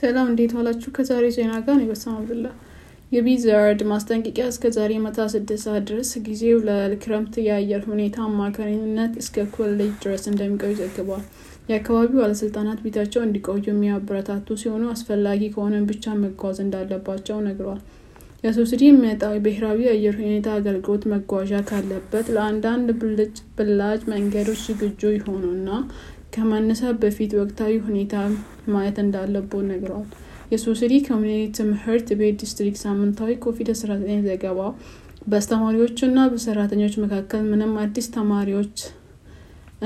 ሰላም እንዴት ዋላችሁ ከዛሬ ዜና ጋር ነው በሰም አብዱላ የቢዛርድ ማስጠንቀቂያ እስከ ዛሬ መታ ስድስት ሰዓት ድረስ ጊዜው ለክረምት የአየር ሁኔታ አማካኝነት እስከ ኮሌጅ ድረስ እንደሚቆይ ዘግቧል የአካባቢው ባለስልጣናት ቤታቸው እንዲቆዩ የሚያበረታቱ ሲሆኑ አስፈላጊ ከሆነ ብቻ መጓዝ እንዳለባቸው ነግሯል ከሶብሲዲ የሚመጣው የብሔራዊ የአየር ሁኔታ አገልግሎት መጓዣ ካለበት ለአንዳንድ ብልጭ-ብላጭ መንገዶች ዝግጁ ይሆኑና ከመነሳት በፊት ወቅታዊ ሁኔታ ማየት እንዳለቦ ነግረዋል። የሶብሲዲ ኮሚኒቲ ትምህርት ቤት ዲስትሪክት ሳምንታዊ ኮቪድ-19 ዘገባ በአስተማሪዎች ና በሰራተኞች መካከል ምንም አዲስ ተማሪዎች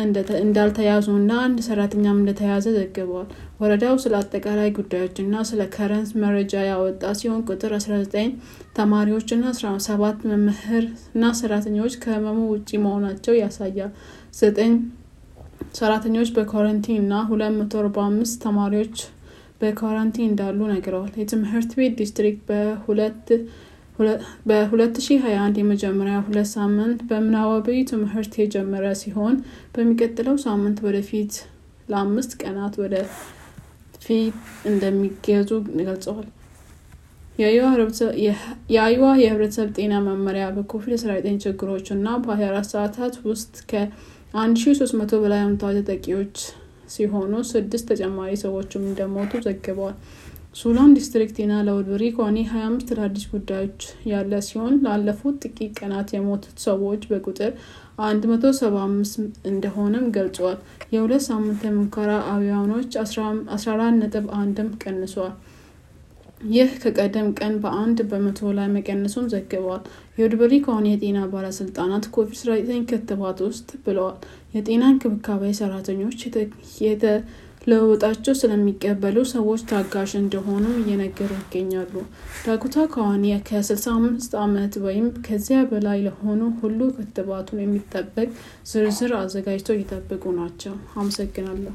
እንዳልተያዙ እና አንድ ሰራተኛም እንደተያዘ ዘግበዋል። ወረዳው ስለ አጠቃላይ ጉዳዮች እና ስለ ከረንስ መረጃ ያወጣ ሲሆን ቁጥር 19 ተማሪዎች እና 17 መምህር እና ሰራተኞች ከህመሙ ውጪ መሆናቸው ያሳያል። 9 ሰራተኞች በኳረንቲን እና 245 ተማሪዎች በኳረንቲን እንዳሉ ነግረዋል። የትምህርት ቤት ዲስትሪክት በሁለት በ2021 የመጀመሪያ ሁለት ሳምንት በምናባዊ ትምህርት የጀመረ ሲሆን በሚቀጥለው ሳምንት ወደፊት ለአምስት ቀናት ወደ ፊት እንደሚገዙ ገልጸዋል። የአይዋ የህብረተሰብ ጤና መመሪያ በኮቪድ-19 ችግሮች እና በ24 ሰዓታት ውስጥ ከ1300 በላይ አምታዊ ተጠቂዎች ሲሆኑ ስድስት ተጨማሪ ሰዎችም እንደሞቱ ዘግበዋል። ሱላን ዲስትሪክት የናለውድሪ ኮኒ 25 አዳዲስ ጉዳዮች ያለ ሲሆን ላለፉት ጥቂት ቀናት የሞቱት ሰዎች በቁጥር 175 እንደሆነም ገልጿል። የሁለት ሳምንት የሙከራ አብያኖች 14.1ም ቀንሷል። ይህ ከቀደም ቀን በአንድ በመቶ ላይ መቀነሱን ዘግቧል። የውድበሪ ከሆነ የጤና ባለስልጣናት ኮቪድ-19 ክትባት ውስጥ ብለዋል። የጤና እንክብካቤ ሰራተኞች የተ ለውጣቸው ስለሚቀበሉ ሰዎች ታጋሽ እንደሆኑ እየነገሩ ይገኛሉ። ዳኩታ ካዋኒያ ከ65 ዓመት ወይም ከዚያ በላይ ለሆኑ ሁሉ ክትባቱን የሚጠበቅ ዝርዝር አዘጋጅተው እየጠበቁ ናቸው። አመሰግናለሁ።